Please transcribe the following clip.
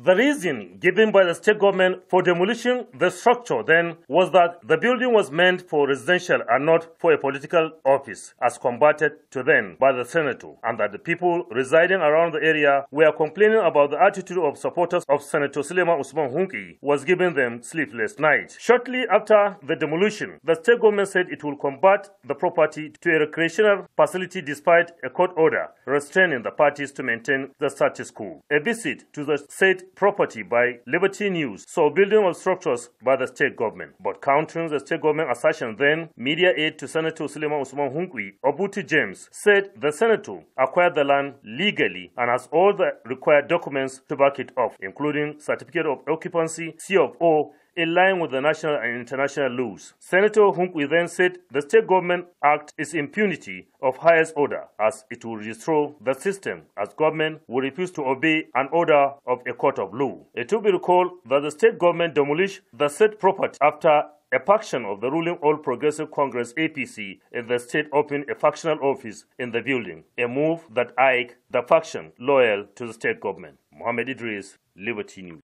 The reason given by the state government for demolishing the structure then was that the building was meant for residential and not for a political office, as combated to then by the senator, and that the people residing around the area were complaining about the attitude of supporters of Senator Suleiman Usman Hunki was giving them sleepless nights. Shortly after the demolition, the state government said it will convert the property to a recreational facility despite a court order restraining the parties to maintain the status quo. A visit to the state property by Liberty News saw building of structures by the state government. But countering the state government assertion then, media aide to Senator Suleiman Usman Hunkwi, Obuti James, said the senator acquired the land legally and has all the required documents to back it up, including certificate of occupancy, C of O, in line with the national and international laws. Senator Hunkwe then said the state government act is impunity of highest order as it will destroy the system as government will refuse to obey an order of a court of law. It will be recalled that the state government demolished the said property after a faction of the ruling All Progressive Congress APC in the state opened a factional office in the building, a move that Ike, the faction loyal to the state government. Mohammed Idris, Liberty News.